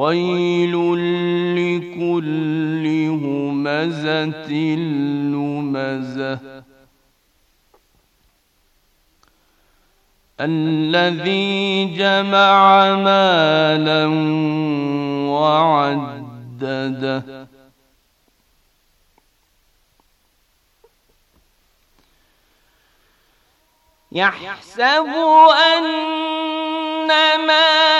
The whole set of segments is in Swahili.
ويل لكل همزة لمزة الذي جمع مالا وعدده يحسب أن مالا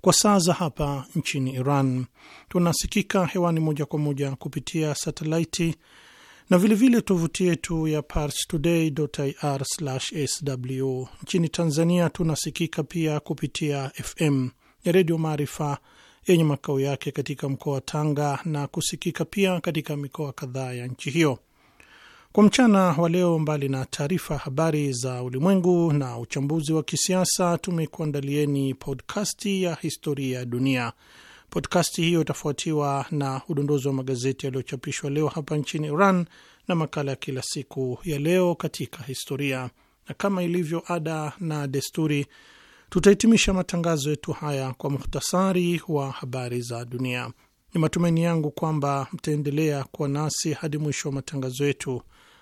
kwa saa za hapa nchini Iran. Tunasikika hewani moja kwa moja kupitia satelaiti na vilevile tovuti yetu ya parstoday.ir/sw. Nchini Tanzania tunasikika pia kupitia FM ya Redio Maarifa yenye makao yake katika mkoa wa Tanga na kusikika pia katika mikoa kadhaa ya nchi hiyo. Kwa mchana wa leo, mbali na taarifa habari za ulimwengu na uchambuzi wa kisiasa, tumekuandalieni podkasti ya historia ya dunia. Podkasti hiyo itafuatiwa na udondozi wa magazeti yaliyochapishwa leo hapa nchini Iran na makala ya kila siku ya leo katika historia, na kama ilivyo ada na desturi, tutahitimisha matangazo yetu haya kwa muhtasari wa habari za dunia. Ni matumaini yangu kwamba mtaendelea kuwa nasi hadi mwisho wa matangazo yetu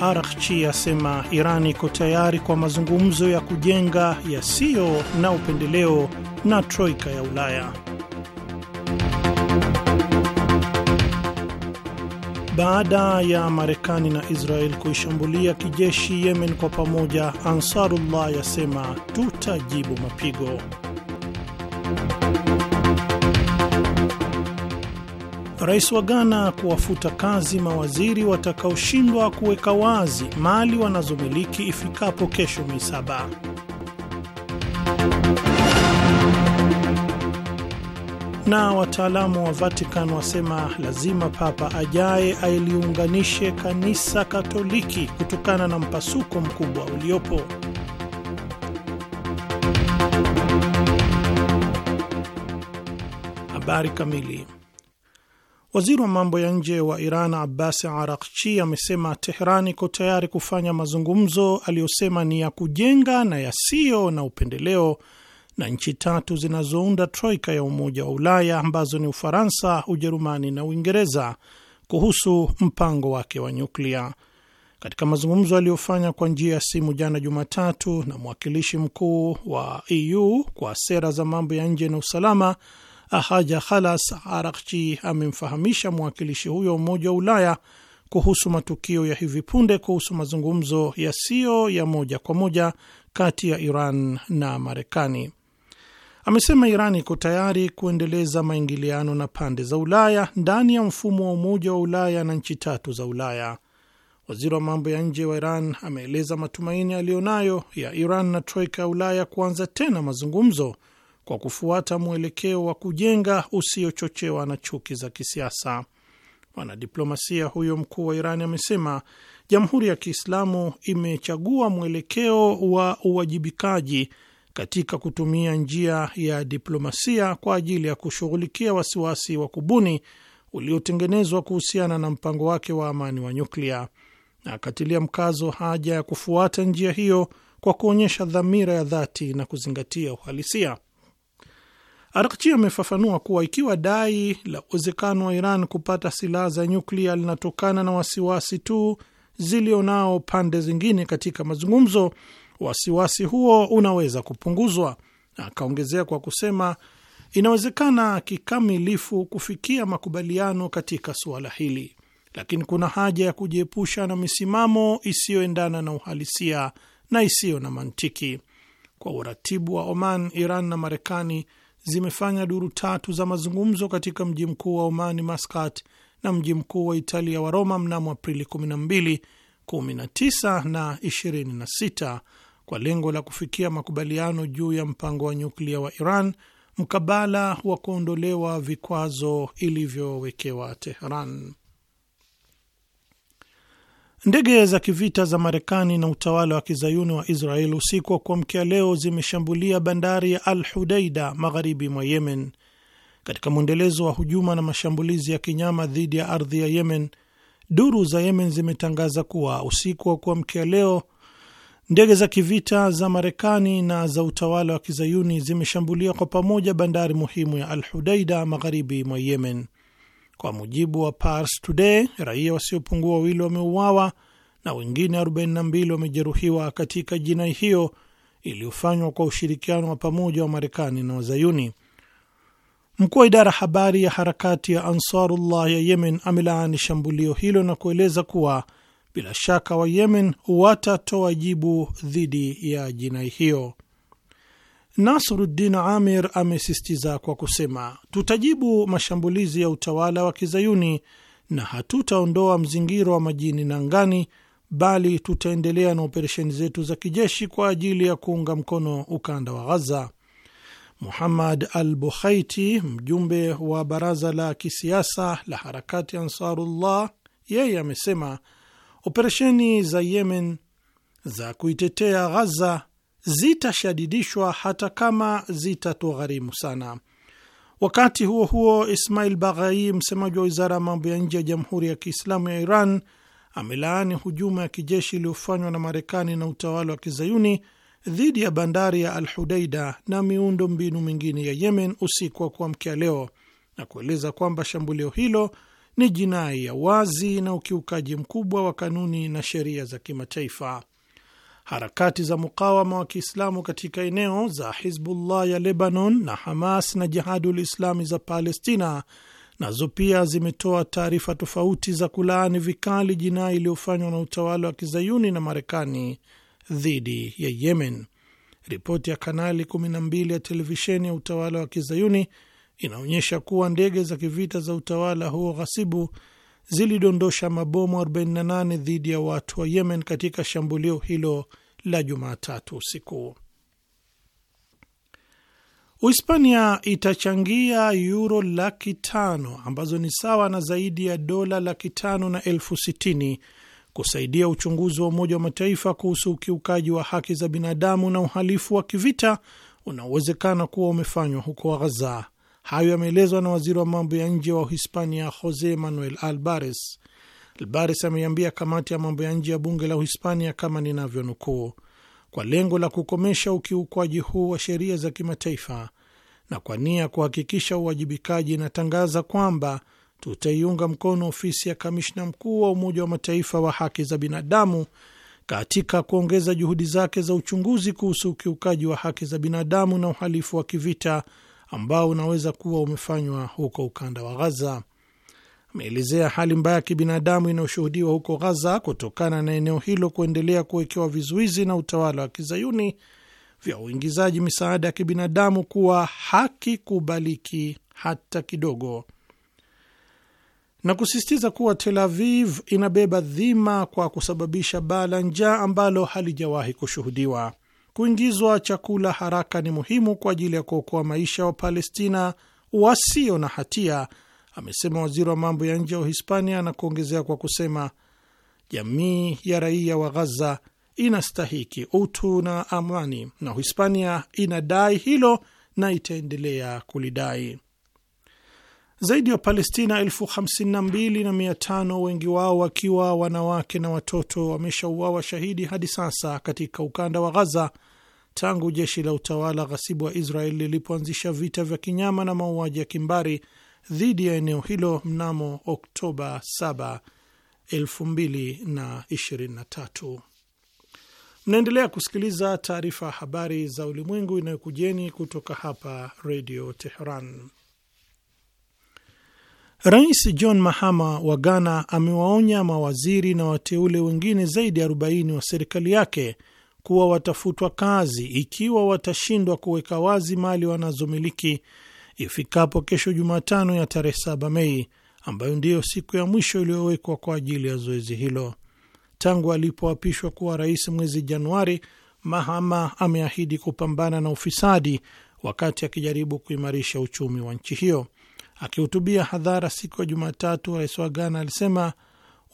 Araghchi asema Iran iko tayari kwa mazungumzo ya kujenga yasiyo na upendeleo na troika ya Ulaya. Baada ya Marekani na Israel kuishambulia kijeshi Yemen kwa pamoja, Ansarullah yasema tutajibu mapigo. Rais wa Ghana kuwafuta kazi mawaziri watakaoshindwa kuweka wazi mali wanazomiliki ifikapo kesho Mei saba. Na wataalamu wa Vatican wasema lazima Papa ajaye ailiunganishe kanisa Katoliki kutokana na mpasuko mkubwa uliopo. Habari kamili Waziri wa mambo ya nje wa Iran Abbas Arakchi amesema Teheran iko tayari kufanya mazungumzo aliyosema ni ya kujenga na yasiyo na upendeleo na nchi tatu zinazounda troika ya Umoja wa Ulaya ambazo ni Ufaransa, Ujerumani na Uingereza kuhusu mpango wake wa nyuklia. Katika mazungumzo aliyofanya kwa njia ya simu jana Jumatatu na mwakilishi mkuu wa EU kwa sera za mambo ya nje na usalama Haja Khalas Arakchi amemfahamisha mwakilishi huyo wa Umoja wa Ulaya kuhusu matukio ya hivi punde kuhusu mazungumzo yasiyo ya moja kwa moja kati ya Iran na Marekani. Amesema Iran iko tayari kuendeleza maingiliano na pande za Ulaya ndani ya mfumo wa Umoja wa Ulaya na nchi tatu za Ulaya. Waziri wa mambo ya nje wa Iran ameeleza matumaini aliyonayo ya Iran na troika ya Ulaya kuanza tena mazungumzo kwa kufuata mwelekeo wa kujenga usiochochewa na chuki za kisiasa. Mwanadiplomasia huyo mkuu wa Iran amesema Jamhuri ya Kiislamu imechagua mwelekeo wa uwajibikaji katika kutumia njia ya diplomasia kwa ajili ya kushughulikia wasiwasi wa kubuni uliotengenezwa kuhusiana na mpango wake wa amani wa nyuklia, na akatilia mkazo haja ya kufuata njia hiyo kwa kuonyesha dhamira ya dhati na kuzingatia uhalisia. Arakchi amefafanua kuwa ikiwa dai la uwezekano wa Iran kupata silaha za nyuklia linatokana na wasiwasi tu zilionao pande zingine katika mazungumzo, wasiwasi huo unaweza kupunguzwa. Akaongezea kwa kusema inawezekana kikamilifu kufikia makubaliano katika suala hili, lakini kuna haja ya kujiepusha na misimamo isiyoendana na uhalisia na isiyo na mantiki. Kwa uratibu wa Oman, Iran na Marekani zimefanya duru tatu za mazungumzo katika mji mkuu wa Omani, Maskat, na mji mkuu wa Italia wa Roma mnamo Aprili 12, 19 na 26 kwa lengo la kufikia makubaliano juu ya mpango wa nyuklia wa Iran mkabala wa kuondolewa vikwazo ilivyowekewa Teheran. Ndege za kivita za Marekani na utawala wa kizayuni wa Israel usiku wa kuamkia leo zimeshambulia bandari ya Al Hudaida magharibi mwa Yemen katika mwendelezo wa hujuma na mashambulizi ya kinyama dhidi ya ardhi ya Yemen. Duru za Yemen zimetangaza kuwa usiku wa kuamkia leo ndege za kivita za Marekani na za utawala wa kizayuni zimeshambulia kwa pamoja bandari muhimu ya Al Hudaida magharibi mwa Yemen. Kwa mujibu wa Pars Today, raia wasiopungua wawili wameuawa na wengine 42 wamejeruhiwa katika jinai hiyo iliyofanywa kwa ushirikiano wa pamoja wa Marekani na Wazayuni. Mkuu wa idara habari ya harakati ya Ansarullah ya Yemen amelaani shambulio hilo na kueleza kuwa bila shaka wa Yemen watatoa jibu dhidi ya jinai hiyo. Nasruddin Amir amesisitiza kwa kusema, tutajibu mashambulizi ya utawala wa kizayuni na hatutaondoa mzingiro wa majini na ngani bali tutaendelea na operesheni zetu za kijeshi kwa ajili ya kuunga mkono ukanda wa Ghaza. Muhammad al Bukhaiti, mjumbe wa baraza la kisiasa la harakati Ansarullah, yeye amesema operesheni za Yemen za kuitetea Ghaza zitashadidishwa hata kama zitatugharimu sana. Wakati huo huo, Ismail Baghai, msemaji wa wizara ya mambo ya nje ya Jamhuri ya Kiislamu ya Iran, amelaani hujuma ya kijeshi iliyofanywa na Marekani na utawala wa kizayuni dhidi ya bandari ya Al Hudaida na miundo mbinu mingine ya Yemen usiku wa kuamkia leo na kueleza kwamba shambulio hilo ni jinai ya wazi na ukiukaji mkubwa wa kanuni na sheria za kimataifa harakati za mukawama wa Kiislamu katika eneo za Hizbullah ya Lebanon na Hamas na Jihadul Islami za Palestina nazo pia zimetoa taarifa tofauti za kulaani vikali jinai iliyofanywa na utawala wa kizayuni na Marekani dhidi ya Yemen. Ripoti ya kanali 12 ya televisheni ya utawala wa kizayuni inaonyesha kuwa ndege za kivita za utawala huo ghasibu zilidondosha mabomu 48 dhidi ya watu wa Yemen katika shambulio hilo la Jumatatu usiku. Uhispania itachangia yuro laki tano ambazo ni sawa na zaidi ya dola laki tano na elfu sitini kusaidia uchunguzi wa Umoja wa Mataifa kuhusu ukiukaji wa haki za binadamu na uhalifu wa kivita unaowezekana kuwa umefanywa huko Ghaza. Hayo yameelezwa na waziri wa mambo ya nje wa Uhispania, Jose Manuel Albares. Albares ameiambia kamati ya mambo ya nje ya bunge la Uhispania kama ninavyonukuu, kwa lengo la kukomesha ukiukwaji huu wa sheria za kimataifa na kwa nia ya kuhakikisha uwajibikaji, inatangaza kwamba tutaiunga mkono ofisi ya kamishna mkuu wa Umoja wa Mataifa wa haki za binadamu katika kuongeza juhudi zake za uchunguzi kuhusu ukiukaji wa haki za binadamu na uhalifu wa kivita ambao unaweza kuwa umefanywa huko ukanda wa Ghaza. Ameelezea hali mbaya ya kibinadamu inayoshuhudiwa huko Ghaza kutokana na eneo hilo kuendelea kuwekewa vizuizi na utawala wa kizayuni vya uingizaji misaada ya kibinadamu kuwa hakikubaliki hata kidogo, na kusisitiza kuwa Tel Aviv inabeba dhima kwa kusababisha baa la njaa ambalo halijawahi kushuhudiwa kuingizwa chakula haraka ni muhimu kwa ajili ya kuokoa maisha wa Palestina wasio na hatia, amesema waziri wa mambo ya nje wa Hispania, na kuongezea kwa kusema jamii ya raia wa Ghaza inastahiki utu na amani, na Hispania inadai hilo na itaendelea kulidai. Zaidi ya Wapalestina elfu hamsini na mbili na mia tano wengi wao wakiwa wanawake na watoto wameshauawa shahidi hadi sasa katika ukanda wa Ghaza tangu jeshi la utawala ghasibu wa Israel lilipoanzisha vita vya kinyama na mauaji ya kimbari dhidi ya eneo hilo mnamo Oktoba 7, 2023. Mnaendelea kusikiliza taarifa ya habari za ulimwengu inayokujeni kutoka hapa Redio Teheran. Rais John Mahama wa Ghana amewaonya mawaziri na wateule wengine zaidi ya 40 wa serikali yake kuwa watafutwa kazi ikiwa watashindwa kuweka wazi mali wanazomiliki ifikapo kesho Jumatano ya tarehe 7 Mei, ambayo ndiyo siku ya mwisho iliyowekwa kwa ajili ya zoezi hilo. Tangu alipoapishwa kuwa rais mwezi Januari, Mahama ameahidi kupambana na ufisadi wakati akijaribu kuimarisha uchumi wa nchi hiyo. Akihutubia hadhara siku ya Jumatatu, rais wa Ghana alisema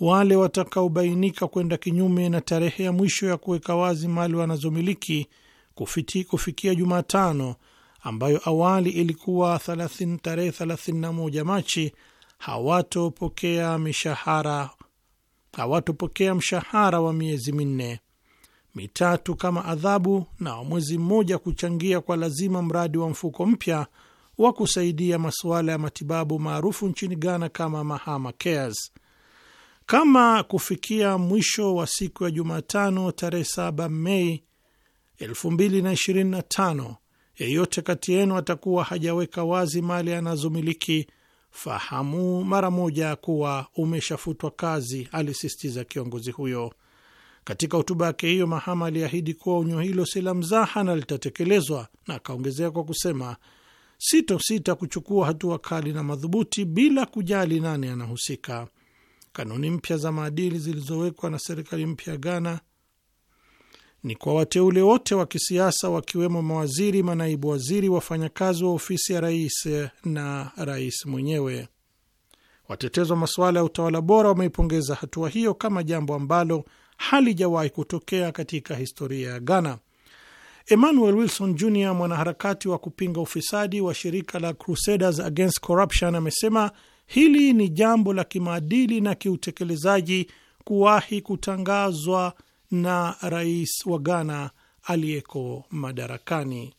wale watakaobainika kwenda kinyume na tarehe ya mwisho ya kuweka wazi mali wanazomiliki kufiti kufikia Jumatano ambayo awali ilikuwa tarehe 31 Machi hawatopokea mishahara hawatopokea mshahara wa miezi minne mitatu kama adhabu na wa mwezi mmoja kuchangia kwa lazima mradi wa mfuko mpya wa kusaidia masuala ya matibabu maarufu nchini Ghana kama Mahama Cares kama kufikia mwisho wa siku ya Jumatano tarehe 7 Mei 2025 yeyote kati yenu atakuwa hajaweka wazi mali anazomiliki, fahamu mara moja kuwa umeshafutwa kazi, alisisitiza kiongozi huyo. Katika hotuba yake hiyo, Mahama aliahidi kuwa onyo hilo si la mzaha na litatekelezwa, na akaongezea kwa kusema, sitosita kuchukua hatua kali na madhubuti bila kujali nani anahusika kanuni mpya za maadili zilizowekwa na serikali mpya ya Ghana ni kwa wateule wote wa kisiasa wakiwemo mawaziri, manaibu waziri, wafanyakazi wa ofisi ya rais na rais mwenyewe. Watetezi wa masuala ya utawala bora wameipongeza hatua hiyo kama jambo ambalo halijawahi kutokea katika historia ya Ghana. Emmanuel Wilson Jr, mwanaharakati wa kupinga ufisadi wa shirika la Crusaders Against Corruption, amesema Hili ni jambo la kimaadili na kiutekelezaji kuwahi kutangazwa na rais wa Ghana aliyeko madarakani.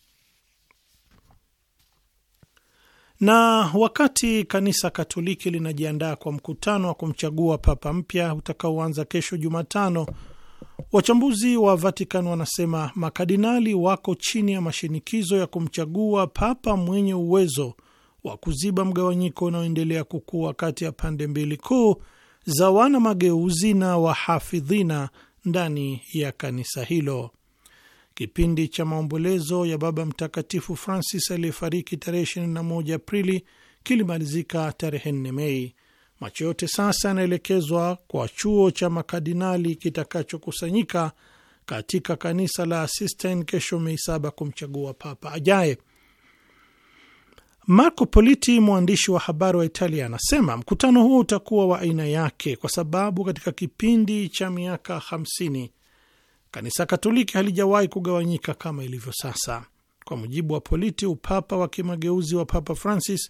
Na wakati kanisa Katoliki linajiandaa kwa mkutano wa kumchagua papa mpya utakaoanza kesho Jumatano, wachambuzi wa Vatican wanasema makadinali wako chini ya mashinikizo ya kumchagua papa mwenye uwezo wa kuziba mgawanyiko unaoendelea kukua kati ya pande mbili kuu za wana mageuzi na wahafidhina ndani ya kanisa hilo. Kipindi cha maombolezo ya Baba Mtakatifu Francis aliyefariki tarehe 21 Aprili kilimalizika tarehe 4 Mei. Macho yote sasa yanaelekezwa kwa chuo cha makardinali kitakachokusanyika katika kanisa la Sistine kesho Mei saba kumchagua papa ajaye. Marco Politi, mwandishi wa habari wa Italia, anasema mkutano huo utakuwa wa aina yake kwa sababu katika kipindi cha miaka 50 kanisa Katoliki halijawahi kugawanyika kama ilivyo sasa. Kwa mujibu wa Politi, upapa wa kimageuzi wa Papa Francis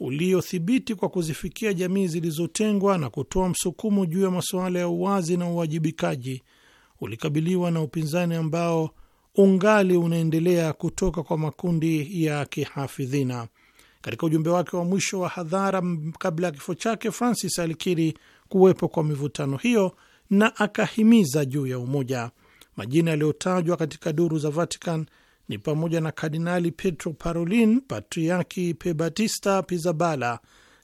uliothibiti kwa kuzifikia jamii zilizotengwa na kutoa msukumo juu ya masuala ya uwazi na uwajibikaji ulikabiliwa na upinzani ambao ungali unaendelea kutoka kwa makundi ya kihafidhina. Katika ujumbe wake wa mwisho wa hadhara kabla ya kifo chake, Francis alikiri kuwepo kwa mivutano hiyo na akahimiza juu ya umoja. Majina yaliyotajwa katika duru za Vatican ni pamoja na Kardinali petro Parolin, Patriaki Pebatista pizabala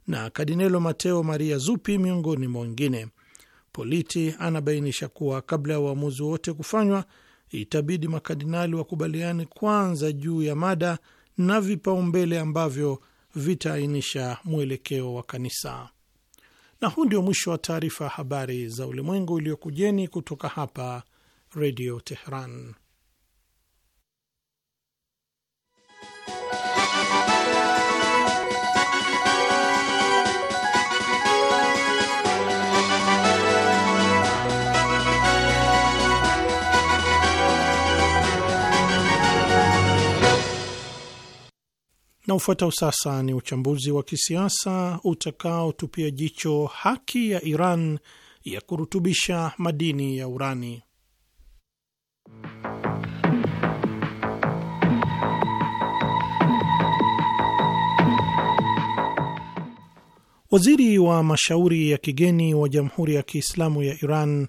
na Kardinelo Mateo Maria zupi miongoni mwa wengine. Politi anabainisha kuwa kabla ya uamuzi wote kufanywa, itabidi makardinali wakubaliane kwanza juu ya mada na vipaumbele ambavyo vitaainisha mwelekeo wa kanisa. Na huu ndio mwisho wa taarifa ya habari za ulimwengu iliyokujeni kutoka hapa Redio Teheran. Na ufuatao sasa ni uchambuzi wa kisiasa utakaotupia jicho haki ya Iran ya kurutubisha madini ya urani. Waziri wa mashauri ya kigeni wa Jamhuri ya Kiislamu ya Iran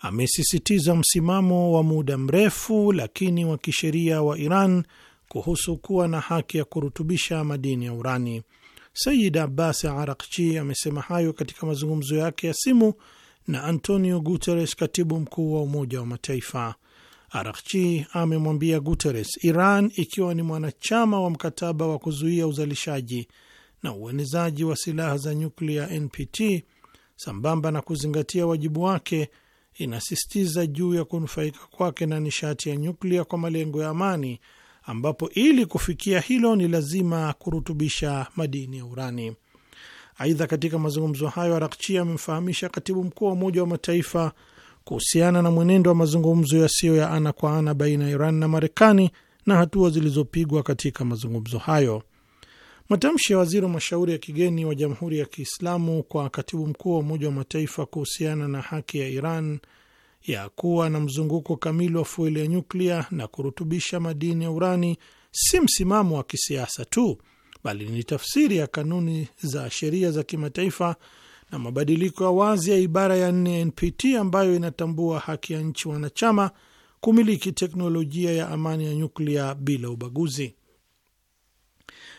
amesisitiza msimamo wa muda mrefu lakini wa kisheria wa Iran kuhusu kuwa na haki ya kurutubisha madini ya urani. Sayid Abbas Arakchi amesema hayo katika mazungumzo yake ya simu na Antonio Guterres, katibu mkuu wa Umoja wa Mataifa. Arakchi amemwambia Guterres, Iran ikiwa ni mwanachama wa mkataba wa kuzuia uzalishaji na uenezaji wa silaha za nyuklia NPT, sambamba na kuzingatia wajibu wake, inasisitiza juu ya kunufaika kwake na nishati ya nyuklia kwa malengo ya amani ambapo ili kufikia hilo ni lazima kurutubisha madini ya urani. Aidha, katika mazungumzo hayo Arakchi amemfahamisha katibu mkuu wa Umoja wa Mataifa kuhusiana na mwenendo wa mazungumzo yasiyo ya ana kwa ana baina ya Iran na Marekani na hatua zilizopigwa katika mazungumzo hayo. Matamshi ya waziri wa mashauri ya kigeni wa Jamhuri ya Kiislamu kwa katibu mkuu wa Umoja wa Mataifa kuhusiana na haki ya Iran ya kuwa na mzunguko kamili wa fueli ya nyuklia na kurutubisha madini ya urani si msimamo wa kisiasa tu, bali ni tafsiri ya kanuni za sheria za kimataifa na mabadiliko ya wazi ya ibara ya nne ya NPT ambayo inatambua haki ya nchi wanachama kumiliki teknolojia ya amani ya nyuklia bila ubaguzi.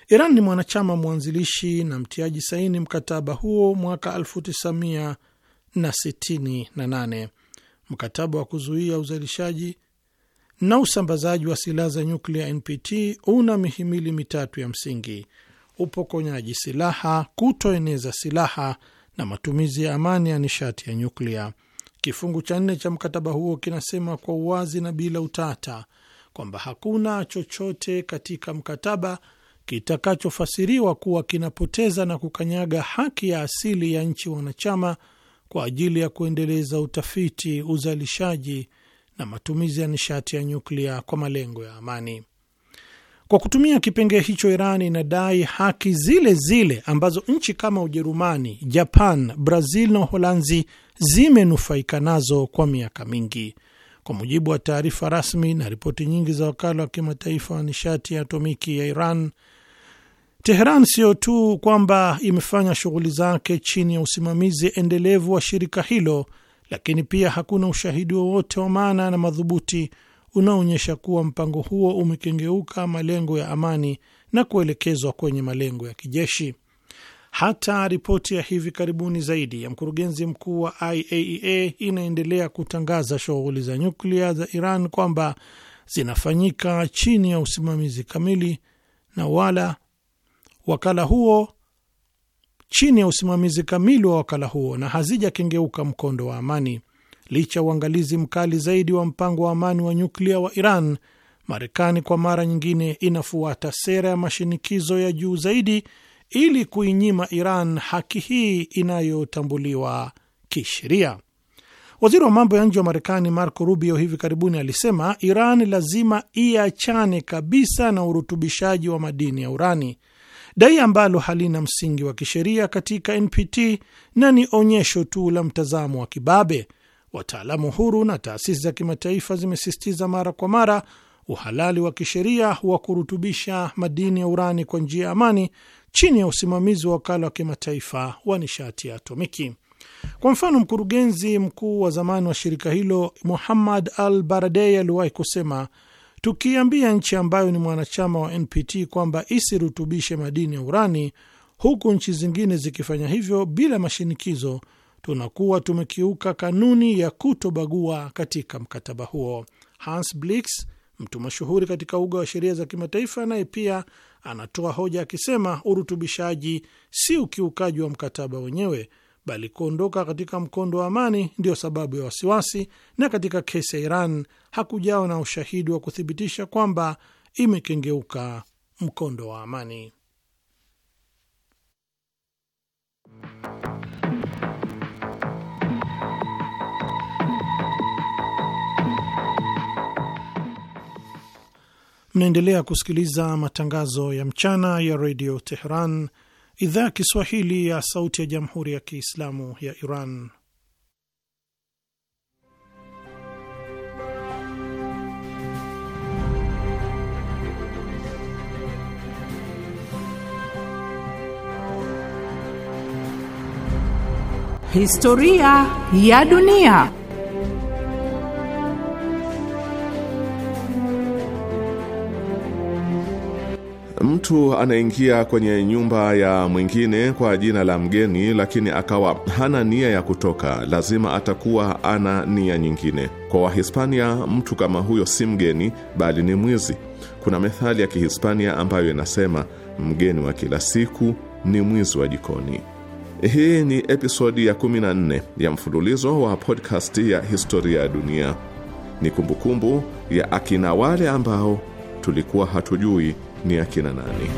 Iran ni mwanachama mwanzilishi na mtiaji saini mkataba huo mwaka 1968. Mkataba wa kuzuia uzalishaji na usambazaji wa silaha za nyuklia NPT una mihimili mitatu ya msingi: upokonyaji silaha, kutoeneza silaha na matumizi ya amani ya nishati ya nyuklia. Kifungu cha nne cha mkataba huo kinasema kwa uwazi na bila utata kwamba hakuna chochote katika mkataba kitakachofasiriwa kuwa kinapoteza na kukanyaga haki ya asili ya nchi wanachama kwa ajili ya kuendeleza utafiti, uzalishaji na matumizi ya nishati ya nyuklia kwa malengo ya amani. Kwa kutumia kipengee hicho, Iran inadai haki zile zile ambazo nchi kama Ujerumani, Japan, Brazil na Uholanzi zimenufaika nazo kwa miaka mingi. Kwa mujibu wa taarifa rasmi na ripoti nyingi za wakala wa kimataifa wa nishati ya atomiki ya Iran, Teheran siyo tu kwamba imefanya shughuli zake chini ya usimamizi endelevu wa shirika hilo, lakini pia hakuna ushahidi wowote wa maana na madhubuti unaoonyesha kuwa mpango huo umekengeuka malengo ya amani na kuelekezwa kwenye malengo ya kijeshi. Hata ripoti ya hivi karibuni zaidi ya mkurugenzi mkuu wa IAEA e inaendelea kutangaza shughuli za nyuklia za Iran kwamba zinafanyika chini ya usimamizi kamili na wala wakala huo chini ya usimamizi kamili wa wakala huo na hazijakengeuka mkondo wa amani. Licha ya uangalizi mkali zaidi wa mpango wa amani wa nyuklia wa Iran, Marekani kwa mara nyingine inafuata sera ya mashinikizo ya juu zaidi ili kuinyima Iran haki hii inayotambuliwa kisheria. Waziri wa mambo ya nje wa Marekani Marco Rubio hivi karibuni alisema Iran lazima iachane kabisa na urutubishaji wa madini ya urani dai ambalo halina msingi wa kisheria katika NPT na ni onyesho tu la mtazamo wa kibabe. Wataalamu huru na taasisi za kimataifa zimesisitiza mara kwa mara uhalali wa kisheria wa kurutubisha madini ya urani kwa njia ya amani chini ya usimamizi wa wakala wa kimataifa wa nishati ya atomiki. Kwa mfano, mkurugenzi mkuu wa zamani wa shirika hilo Muhammad Al Baradei aliwahi kusema tukiambia nchi ambayo ni mwanachama wa NPT kwamba isirutubishe madini ya urani, huku nchi zingine zikifanya hivyo bila mashinikizo, tunakuwa tumekiuka kanuni ya kutobagua katika mkataba huo. Hans Blix, mtu mashuhuri katika uga wa sheria za kimataifa, naye pia anatoa hoja akisema, urutubishaji si ukiukaji wa mkataba wenyewe bali kuondoka katika mkondo wa amani ndiyo sababu ya wasiwasi, na katika kesi ya Iran hakujawa na ushahidi wa kuthibitisha kwamba imekengeuka mkondo wa amani. Mnaendelea kusikiliza matangazo ya mchana ya redio Teheran, idhaa ya Kiswahili ya Sauti ya Jamhuri ya Kiislamu ya Iran. Historia ya dunia. Mtu anaingia kwenye nyumba ya mwingine kwa jina la mgeni, lakini akawa hana nia ya kutoka, lazima atakuwa ana nia nyingine. Kwa Wahispania, mtu kama huyo si mgeni, bali ni mwizi. Kuna methali ya Kihispania ambayo inasema mgeni wa kila siku ni mwizi wa jikoni. Hii ni episodi ya 14 ya mfululizo wa podcast ya historia ya dunia. Ni kumbukumbu ya akina wale ambao tulikuwa hatujui ni akina nani?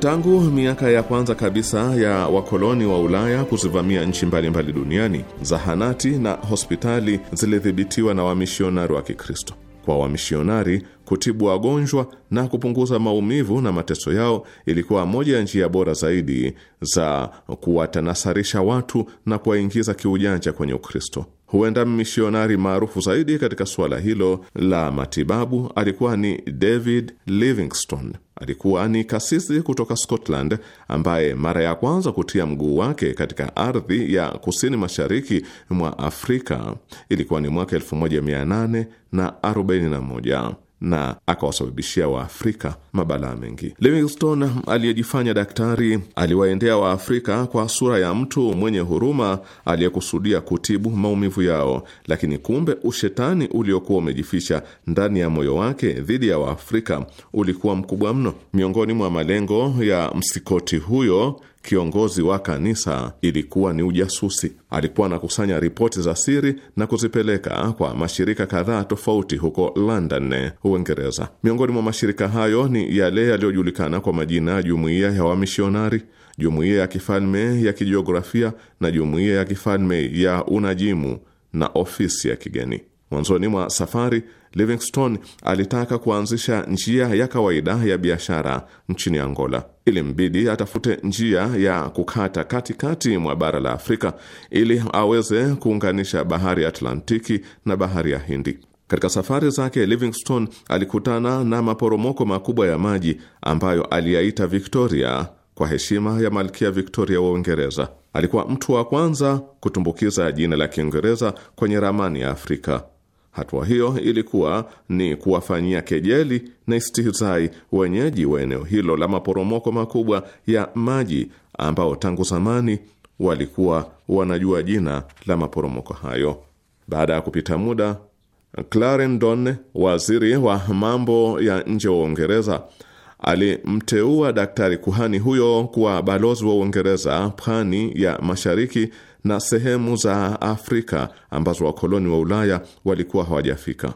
Tangu miaka ya kwanza kabisa ya wakoloni wa Ulaya kuzivamia nchi mbalimbali duniani, zahanati na hospitali zilidhibitiwa na wamishionari wa Kikristo kwa wamishionari kutibu wagonjwa na kupunguza maumivu na mateso yao ilikuwa moja ya njia bora zaidi za kuwatanasarisha watu na kuwaingiza kiujanja kwenye Ukristo. Huenda mishionari maarufu zaidi katika suala hilo la matibabu alikuwa ni David Livingstone. Alikuwa ni kasisi kutoka Scotland ambaye mara ya kwanza kutia mguu wake katika ardhi ya kusini mashariki mwa Afrika ilikuwa ni mwaka 1841 na akawasababishia Waafrika mabalaa mengi. Livingstone aliyejifanya daktari aliwaendea Waafrika kwa sura ya mtu mwenye huruma aliyekusudia kutibu maumivu yao, lakini kumbe ushetani uliokuwa umejificha ndani ya moyo wake dhidi ya Waafrika ulikuwa mkubwa mno. Miongoni mwa malengo ya msikoti huyo kiongozi wa kanisa ilikuwa ni ujasusi. Alikuwa anakusanya ripoti za siri na kuzipeleka kwa mashirika kadhaa tofauti huko London, Uingereza. Miongoni mwa mashirika hayo ni yale yaliyojulikana kwa majina ya Jumuiya ya Wamishonari, Jumuiya ya Kifalme ya Kijiografia na Jumuiya ya Kifalme ya Unajimu na Ofisi ya Kigeni. Mwanzoni mwa safari Livingstone alitaka kuanzisha njia ya kawaida ya biashara nchini Angola. Ilimbidi atafute njia ya kukata katikati mwa bara la Afrika ili aweze kuunganisha bahari ya Atlantiki na bahari ya Hindi. Katika safari zake Livingstone alikutana na maporomoko makubwa ya maji ambayo aliyaita Victoria kwa heshima ya Malkia Victoria wa Uingereza. Alikuwa mtu wa kwanza kutumbukiza jina la Kiingereza kwenye ramani ya Afrika. Hatua hiyo ilikuwa ni kuwafanyia kejeli na istihzai wenyeji wa eneo hilo la maporomoko makubwa ya maji ambao tangu zamani walikuwa wanajua jina la maporomoko hayo. Baada ya kupita muda, Clarendon, waziri wa mambo ya nje wa Uingereza, alimteua daktari kuhani huyo kuwa balozi wa Uingereza pwani ya mashariki na sehemu za Afrika ambazo wakoloni wa Ulaya walikuwa hawajafika.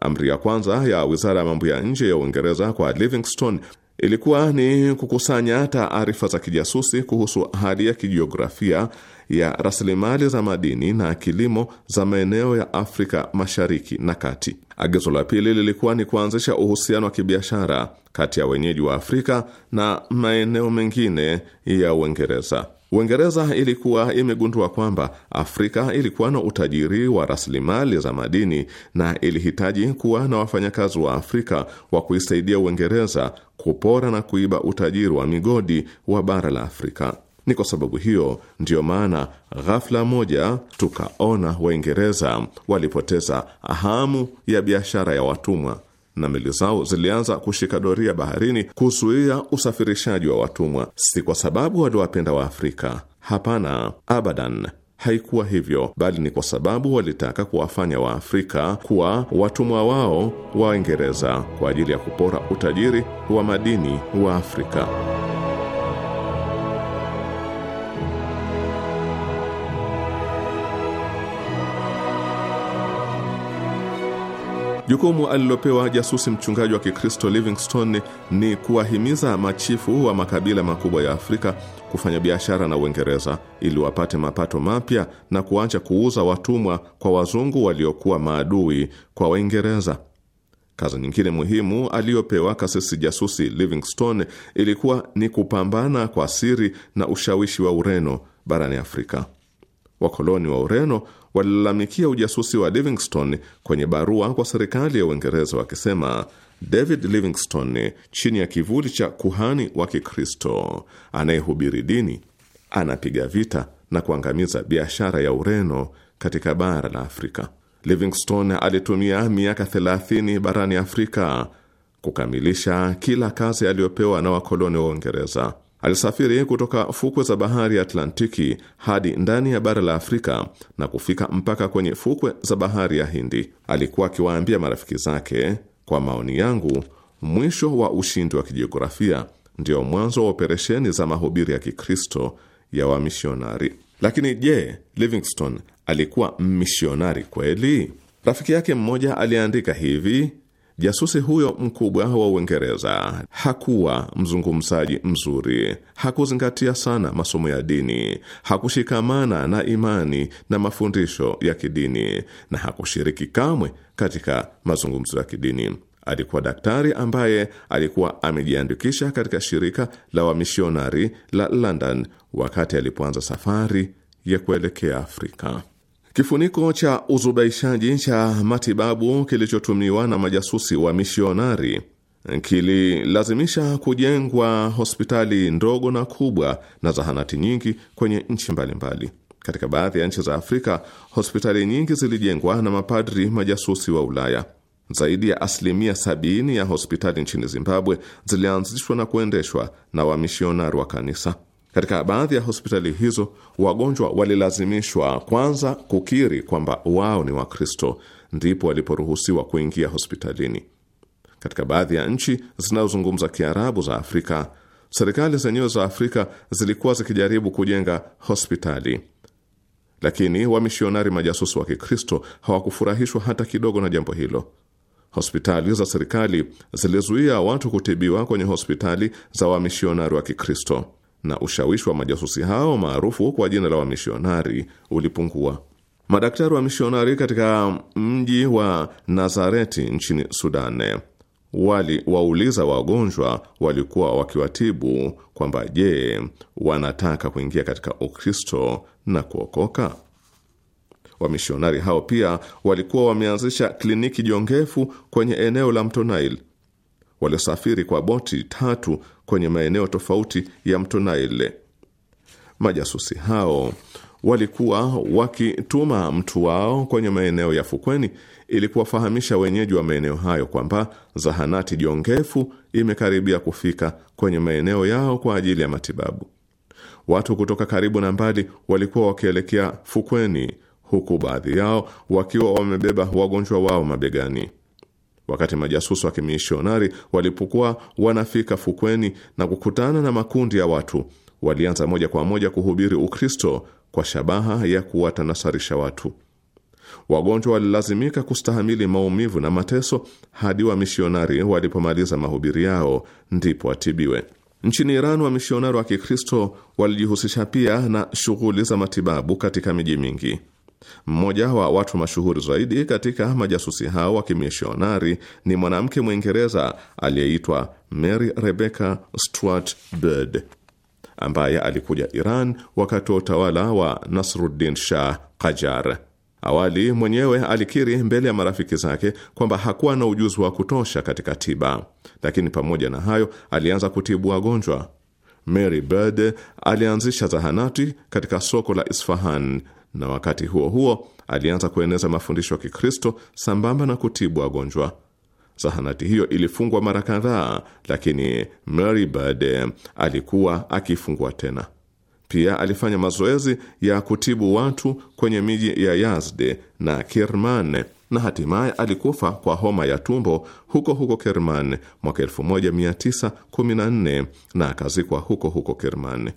Amri ya kwanza ya wizara ya mambo ya nje ya Uingereza kwa Livingstone ilikuwa ni kukusanya taarifa za kijasusi kuhusu hali ya kijiografia ya rasilimali za madini na kilimo za maeneo ya Afrika Mashariki na Kati. Agizo la pili lilikuwa ni kuanzisha uhusiano wa kibiashara kati ya wenyeji wa Afrika na maeneo mengine ya Uingereza. Uingereza ilikuwa imegundua kwamba Afrika ilikuwa na utajiri wa rasilimali za madini na ilihitaji kuwa na wafanyakazi wa Afrika wa kuisaidia Uingereza kupora na kuiba utajiri wa migodi wa bara la Afrika. Ni kwa sababu hiyo ndiyo maana ghafla moja tukaona Waingereza walipoteza hamu ya biashara ya watumwa na meli zao zilianza kushika doria baharini kuzuia usafirishaji wa watumwa. Si kwa sababu waliwapenda Waafrika, hapana, abadan. Haikuwa hivyo, bali ni kwa sababu walitaka kuwafanya Waafrika kuwa watumwa wao wa Waingereza kwa ajili ya kupora utajiri wa madini wa Afrika. Jukumu alilopewa jasusi mchungaji wa Kikristo Livingstone ni kuwahimiza machifu wa makabila makubwa ya Afrika kufanya biashara na Uingereza ili wapate mapato mapya na kuacha kuuza watumwa kwa wazungu waliokuwa maadui kwa Waingereza. Kazi nyingine muhimu aliyopewa kasisi jasusi Livingstone ilikuwa ni kupambana kwa siri na ushawishi wa Ureno barani Afrika wakoloni wa Ureno walilalamikia ujasusi wa Livingstone kwenye barua kwa serikali ya Uingereza wakisema David Livingstone chini ya kivuli cha kuhani wa Kikristo anayehubiri dini anapiga vita na kuangamiza biashara ya Ureno katika bara la Afrika. Livingstone alitumia miaka 30 barani Afrika kukamilisha kila kazi aliyopewa na wakoloni wa Uingereza. Alisafiri kutoka fukwe za bahari ya Atlantiki hadi ndani ya bara la Afrika na kufika mpaka kwenye fukwe za bahari ya Hindi. Alikuwa akiwaambia marafiki zake, kwa maoni yangu, mwisho wa ushindi wa kijiografia ndio mwanzo wa operesheni za mahubiri ya Kikristo ya wamishonari. Lakini je, Livingstone alikuwa mmishonari kweli? Rafiki yake mmoja aliandika hivi Jasusi huyo mkubwa wa Uingereza hakuwa mzungumzaji mzuri, hakuzingatia sana masomo ya dini, hakushikamana na imani na mafundisho ya kidini, na hakushiriki kamwe katika mazungumzo ya kidini. Alikuwa daktari ambaye alikuwa amejiandikisha katika shirika la wamishonari la London wakati alipoanza safari ya kuelekea Afrika. Kifuniko cha uzubaishaji cha matibabu kilichotumiwa na majasusi wa mishionari kililazimisha kujengwa hospitali ndogo na kubwa na zahanati nyingi kwenye nchi mbalimbali. Katika baadhi ya nchi za Afrika, hospitali nyingi zilijengwa na mapadri majasusi wa Ulaya. Zaidi ya asilimia sabini ya hospitali nchini Zimbabwe zilianzishwa na kuendeshwa na wamishionari wa kanisa. Katika baadhi ya hospitali hizo wagonjwa walilazimishwa kwanza kukiri kwamba wao ni Wakristo, ndipo waliporuhusiwa kuingia hospitalini. Katika baadhi ya nchi zinazozungumza Kiarabu za Afrika, serikali zenyewe za Afrika zilikuwa zikijaribu kujenga hospitali, lakini wamishionari majasusi wa Kikristo hawakufurahishwa hata kidogo na jambo hilo. Hospitali za serikali zilizuia watu kutibiwa kwenye hospitali za wamishionari wa Kikristo na ushawishi wa majasusi hao maarufu kwa jina la wamishonari ulipungua. Madaktari wa mishonari katika mji wa Nazareti nchini Sudan waliwauliza wagonjwa walikuwa wakiwatibu kwamba, je, wanataka kuingia katika Ukristo na kuokoka? Wamishonari hao pia walikuwa wameanzisha kliniki jongefu kwenye eneo la mto Nile waliosafiri kwa boti tatu kwenye maeneo tofauti ya mto Nile. Majasusi hao walikuwa wakituma mtu wao kwenye maeneo ya fukweni ili kuwafahamisha wenyeji wa maeneo hayo kwamba zahanati jongefu imekaribia kufika kwenye maeneo yao kwa ajili ya matibabu. Watu kutoka karibu na mbali walikuwa wakielekea fukweni, huku baadhi yao wakiwa wamebeba wagonjwa wao mabegani. Wakati majasusi wa kimishonari walipokuwa wanafika fukweni na kukutana na makundi ya watu, walianza moja kwa moja kuhubiri Ukristo kwa shabaha ya kuwatanasarisha watu. Wagonjwa walilazimika kustahamili maumivu na mateso hadi wamishionari walipomaliza mahubiri yao, ndipo watibiwe. Nchini Iran wamishionari wa Kikristo walijihusisha pia na shughuli za matibabu katika miji mingi. Mmoja wa watu mashuhuri zaidi katika majasusi hao wa kimishonari ni mwanamke Mwingereza aliyeitwa Mary Rebecca Stuart Bird ambaye alikuja Iran wakati wa utawala wa Nasruddin Shah Qajar. Awali mwenyewe alikiri mbele ya marafiki zake kwamba hakuwa na ujuzi wa kutosha katika tiba, lakini pamoja na hayo alianza kutibu wagonjwa. Mary Bird alianzisha zahanati katika soko la Isfahan na wakati huo huo alianza kueneza mafundisho ya Kikristo sambamba na kutibu wagonjwa. Zahanati hiyo ilifungwa mara kadhaa, lakini Mary Bird eh, alikuwa akifungua tena. Pia alifanya mazoezi ya kutibu watu kwenye miji ya Yazd eh, na Kirman eh, na hatimaye alikufa kwa homa ya tumbo huko huko Kirman mwaka 1914 na akazikwa huko huko Kirman.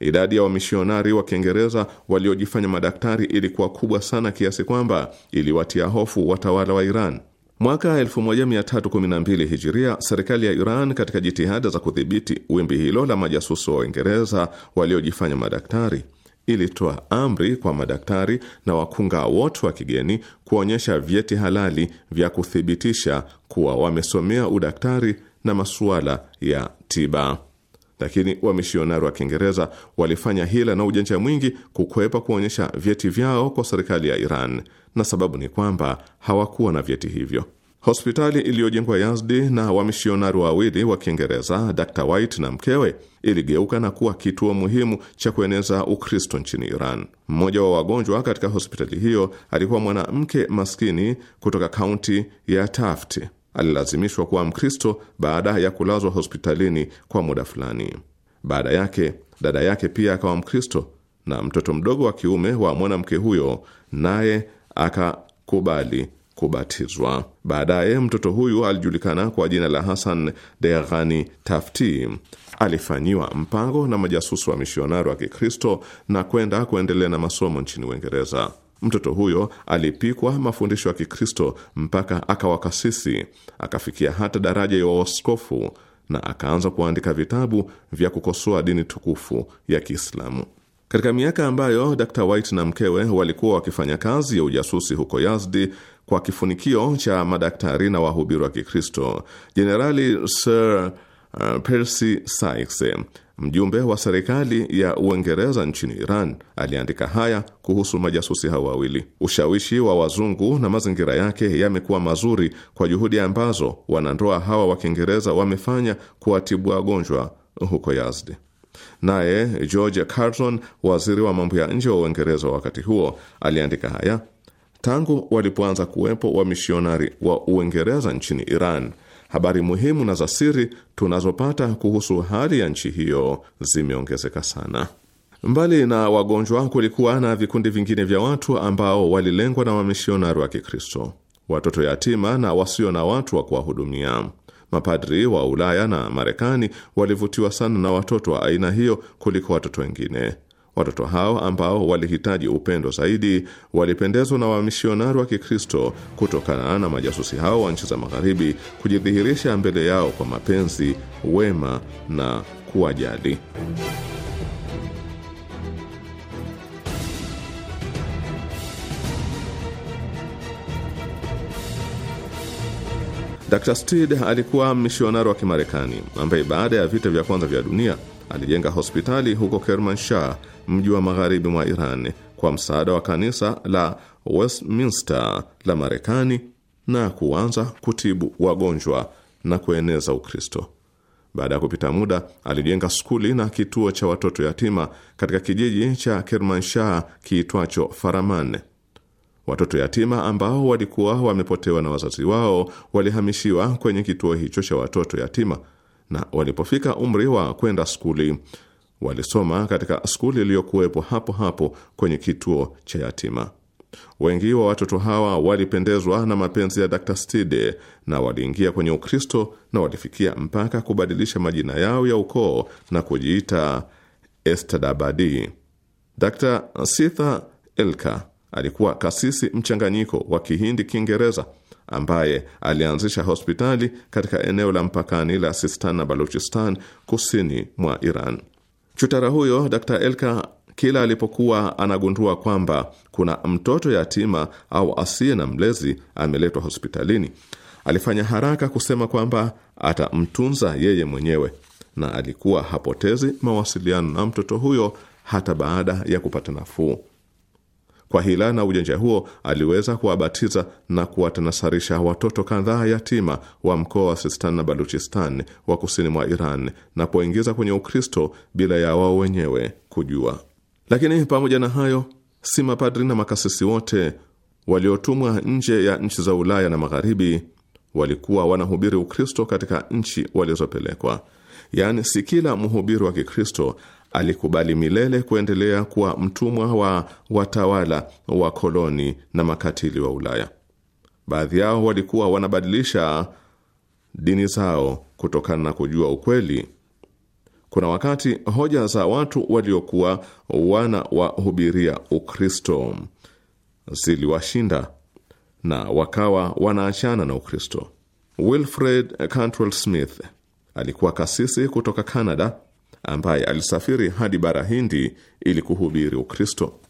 Idadi ya wamishionari wa Kiingereza waliojifanya madaktari ilikuwa kubwa sana kiasi kwamba iliwatia hofu watawala wa Iran. Mwaka 1312 hijiria, serikali ya Iran katika jitihada za kudhibiti wimbi hilo la majasusi wa Uingereza waliojifanya madaktari ilitoa amri kwa madaktari na wakunga wote wa kigeni kuonyesha vyeti halali vya kuthibitisha kuwa wamesomea udaktari na masuala ya tiba lakini wamishionari wa Kiingereza walifanya hila na ujanja mwingi kukwepa kuonyesha vyeti vyao kwa serikali ya Iran, na sababu ni kwamba hawakuwa na vyeti hivyo. Hospitali iliyojengwa Yazdi na wamishionari wawili wa Kiingereza, Dr White na mkewe, iligeuka na kuwa kituo muhimu cha kueneza Ukristo nchini Iran. Mmoja wa wagonjwa katika hospitali hiyo alikuwa mwanamke maskini kutoka kaunti ya Tafti alilazimishwa kuwa Mkristo baada ya kulazwa hospitalini kwa muda fulani. Baada yake dada yake pia akawa Mkristo na mtoto mdogo wa kiume wa mwanamke huyo naye akakubali kubatizwa. Baadaye mtoto huyu alijulikana kwa jina la Hasan Deghani Tafti. Alifanyiwa mpango na majasusi wa mishionari wa Kikristo na kwenda kuendelea na masomo nchini Uingereza. Mtoto huyo alipikwa mafundisho ya Kikristo mpaka akawa kasisi, akafikia hata daraja ya uaskofu na akaanza kuandika vitabu vya kukosoa dini tukufu ya Kiislamu. Katika miaka ambayo Dr. White na mkewe walikuwa wakifanya kazi ya ujasusi huko Yazdi kwa kifunikio cha madaktari na wahubiri wa Kikristo, Jenerali Sir uh, Percy Sykes Mjumbe wa serikali ya Uingereza nchini Iran aliandika haya kuhusu majasusi hao wawili: ushawishi wa wazungu na mazingira yake yamekuwa mazuri kwa juhudi ambazo wanandoa hawa wa Kiingereza wamefanya kuwatibu wagonjwa huko Yazdi. Naye George Carton, waziri wa mambo ya nje wa Uingereza wakati huo, aliandika haya: tangu walipoanza kuwepo wamishionari wa Uingereza nchini Iran habari muhimu na za siri tunazopata kuhusu hali ya nchi hiyo zimeongezeka sana. Mbali na wagonjwa, kulikuwa na vikundi vingine vya watu ambao walilengwa na wamishionari wa Kikristo, watoto yatima na wasio na watu wa kuwahudumia. Mapadri wa Ulaya na Marekani walivutiwa sana na watoto wa aina hiyo kuliko watoto wengine. Watoto hao ambao walihitaji upendo zaidi walipendezwa na wamishionari wa Kikristo kutokana na majasusi hao wa nchi za Magharibi kujidhihirisha mbele yao kwa mapenzi, wema na kuwajali. Dr. Steed alikuwa mishonari wa Kimarekani ambaye baada ya vita vya kwanza vya dunia alijenga hospitali huko Kermanshah mji wa magharibi mwa Iran kwa msaada wa kanisa la Westminster la Marekani na kuanza kutibu wagonjwa na kueneza Ukristo. Baada ya kupita muda, alijenga skuli na kituo cha watoto yatima katika kijiji cha Kermanshah kiitwacho Faraman. Watoto yatima ambao walikuwa wamepotewa na wazazi wao walihamishiwa kwenye kituo hicho cha watoto yatima, na walipofika umri wa kwenda skuli walisoma katika skuli iliyokuwepo hapo hapo kwenye kituo cha yatima. Wengi wa watoto hawa walipendezwa na mapenzi ya Dr. Stide na waliingia kwenye Ukristo na walifikia mpaka kubadilisha majina yao ya ukoo na kujiita Estadabadi. Dr. Sitha Elka alikuwa kasisi mchanganyiko wa Kihindi Kiingereza ambaye alianzisha hospitali katika eneo la mpakani la Sistan na Baluchistan kusini mwa Iran. Chutara huyo Dr. Elka kila alipokuwa anagundua kwamba kuna mtoto yatima au asiye na mlezi ameletwa hospitalini, alifanya haraka kusema kwamba atamtunza yeye mwenyewe, na alikuwa hapotezi mawasiliano na mtoto huyo hata baada ya kupata nafuu. Kwa hila na ujanja huo aliweza kuwabatiza na kuwatanasarisha watoto kadhaa yatima wa mkoa wa Sistan na Baluchistan wa kusini mwa Iran na kuwaingiza kwenye Ukristo bila ya wao wenyewe kujua. Lakini pamoja na hayo, si mapadri na makasisi wote waliotumwa nje ya nchi za Ulaya na Magharibi walikuwa wanahubiri Ukristo katika nchi walizopelekwa. Yaani, si kila mhubiri wa Kikristo alikubali milele kuendelea kuwa mtumwa wa watawala wa koloni na makatili wa Ulaya. Baadhi yao walikuwa wanabadilisha dini zao kutokana na kujua ukweli. Kuna wakati hoja za watu waliokuwa wana wahubiria Ukristo ziliwashinda na wakawa wanaachana na Ukristo. Wilfred Cantwell Smith alikuwa kasisi kutoka Canada ambaye alisafiri hadi bara Hindi ili kuhubiri Ukristo.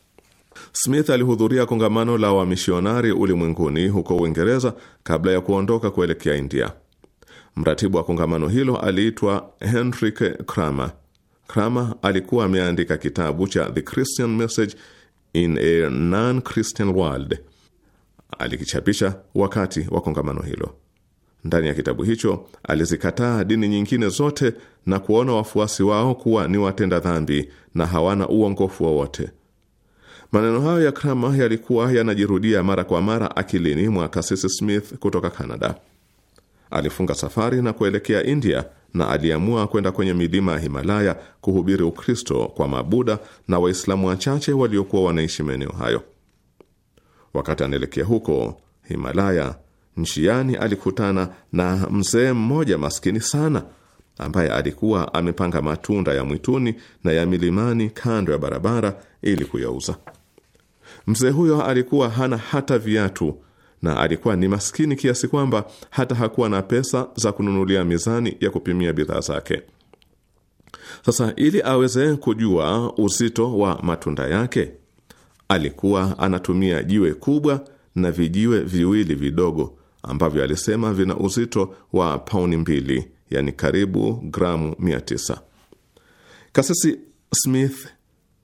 Smith alihudhuria kongamano la wamishionari ulimwenguni huko Uingereza kabla ya kuondoka kuelekea India. Mratibu wa kongamano hilo aliitwa Henrik Kramer. Kramer alikuwa ameandika kitabu cha The Christian Message in a Non-Christian World. Alikichapisha wakati wa kongamano hilo. Ndani ya kitabu hicho alizikataa dini nyingine zote na kuona wafuasi wao kuwa ni watenda dhambi na hawana uongofu wowote. Maneno hayo ya Krama yalikuwa yanajirudia mara kwa mara akilini mwa kasisi Smith kutoka Canada. Alifunga safari na kuelekea India na aliamua kwenda kwenye milima ya Himalaya kuhubiri Ukristo kwa mabuda na Waislamu wachache waliokuwa wanaishi maeneo hayo. Wakati anaelekea huko Himalaya, Njiani alikutana na mzee mmoja maskini sana ambaye alikuwa amepanga matunda ya mwituni na ya milimani kando ya barabara ili kuyauza. Mzee huyo alikuwa hana hata viatu na alikuwa ni maskini kiasi kwamba hata hakuwa na pesa za kununulia mizani ya kupimia bidhaa zake. Sasa, ili aweze kujua uzito wa matunda yake, alikuwa anatumia jiwe kubwa na vijiwe viwili vidogo ambavyo alisema vina uzito wa pauni mbili, yani karibu gramu tisa. Kasisi Smith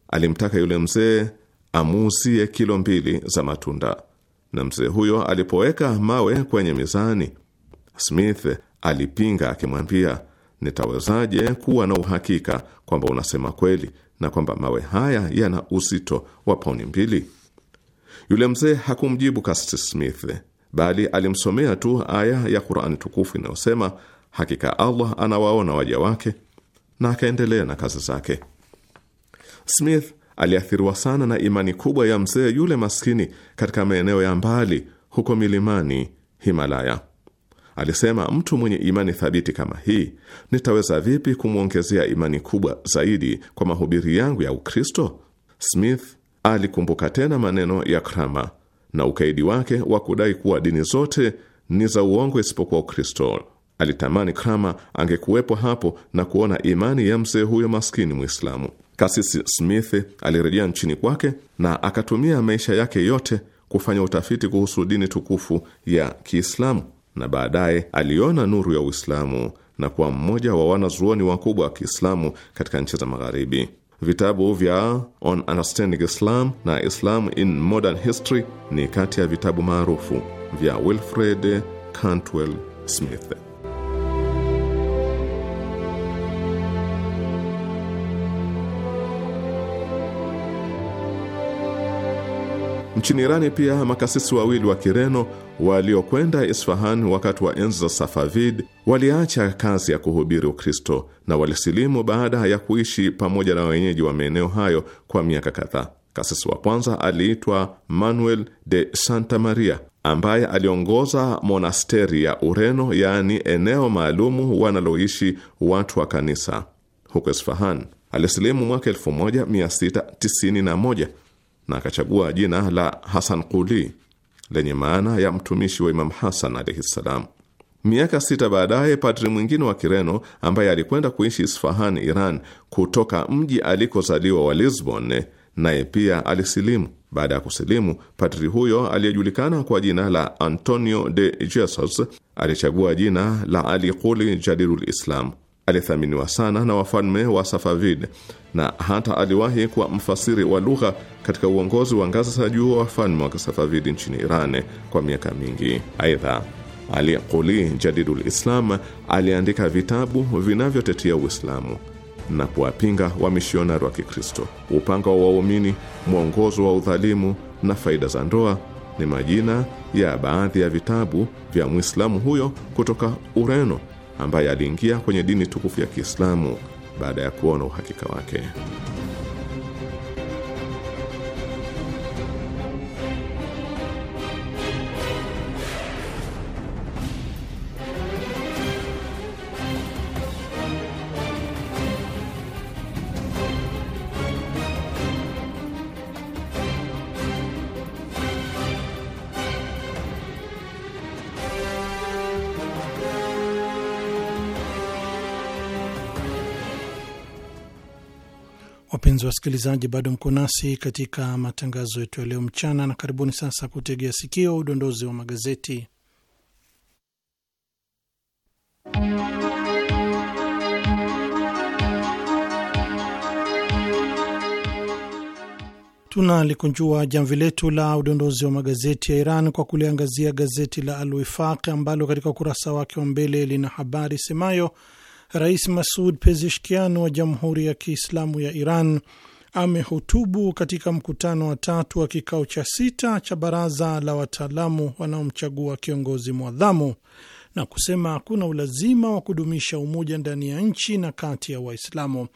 alimtaka yule mzee amuuzie kilo mbili za matunda, na mzee huyo alipoweka mawe kwenye mizani, Smith alipinga akimwambia, nitawezaje kuwa na uhakika kwamba unasema kweli na kwamba mawe haya yana uzito wa pauni mbili? Yule mzee hakumjibu Kasisi Smith bali alimsomea tu aya ya Qur'ani tukufu inayosema hakika Allah anawaona waja wake, na akaendelea na kazi zake. Smith aliathiriwa sana na imani kubwa ya mzee yule maskini katika maeneo ya mbali huko milimani Himalaya. Alisema, mtu mwenye imani thabiti kama hii nitaweza vipi kumwongezea imani kubwa zaidi kwa mahubiri yangu ya Ukristo? Smith alikumbuka tena maneno ya Kramer na ukaidi wake wa kudai kuwa dini zote ni za uongo isipokuwa Ukristo. Alitamani kama angekuwepo hapo na kuona imani ya mzee huyo maskini Mwislamu. Kasisi Smith alirejea nchini kwake na akatumia maisha yake yote kufanya utafiti kuhusu dini tukufu ya Kiislamu, na baadaye aliona nuru ya Uislamu na kuwa mmoja wa wanazuoni wakubwa wa Kiislamu katika nchi za Magharibi. Vitabu vya On Understanding Islam na Islam in Modern History ni kati ya vitabu maarufu vya Wilfred Cantwell Smith. Nchini Irani pia makasisi wawili wa Kireno waliokwenda Isfahan wakati wa enzi za Safavid waliacha kazi ya kuhubiri Ukristo na walisilimu baada ya kuishi pamoja na wenyeji wa maeneo hayo kwa miaka kadhaa. Kasisi wa kwanza aliitwa Manuel de Santa Maria ambaye aliongoza monasteri ya Ureno, yaani eneo maalumu wanaloishi watu wa kanisa huko Isfahan. Alisilimu mwaka 1691 na akachagua jina la Hasan Quli lenye maana ya mtumishi wa Imam Hasan alaihi ssalam. Miaka sita baadaye, padri mwingine wa Kireno ambaye alikwenda kuishi Isfahan, Iran, kutoka mji alikozaliwa wa Lisbon, naye pia alisilimu. Baada ya kusilimu, padri huyo aliyejulikana kwa jina la Antonio de Jesus alichagua jina la Ali Quli Jadidul Islam. Alithaminiwa sana na wafalme wa Safavid na hata aliwahi kuwa mfasiri wa lugha katika uongozi wa ngazi za juu wa wafalme wa Safavid nchini Iran kwa miaka mingi. Aidha, Ali Quli Jadidul Islam aliandika vitabu vinavyotetea Uislamu na kuwapinga wamishionari wa Kikristo. Upanga wa Waumini, Mwongozo wa Udhalimu na Faida za Ndoa ni majina ya baadhi ya vitabu vya Mwislamu huyo kutoka Ureno ambaye aliingia kwenye dini tukufu ya Kiislamu baada ya kuona uhakika wake. wasikilizaji, bado mko nasi katika matangazo yetu ya leo mchana, na karibuni sasa kutegea sikio udondozi wa magazeti. Tunalikunjua jamvi letu la udondozi wa magazeti ya Iran kwa kuliangazia gazeti la Al Wifaq ambalo katika ukurasa wake wa mbele lina habari semayo Rais Masud Pezeshkian wa Jamhuri ya Kiislamu ya Iran amehutubu katika mkutano wa tatu wa kikao cha sita cha baraza la wataalamu wanaomchagua kiongozi mwadhamu na kusema kuna ulazima wa kudumisha umoja ndani ya nchi na kati ya Waislamu.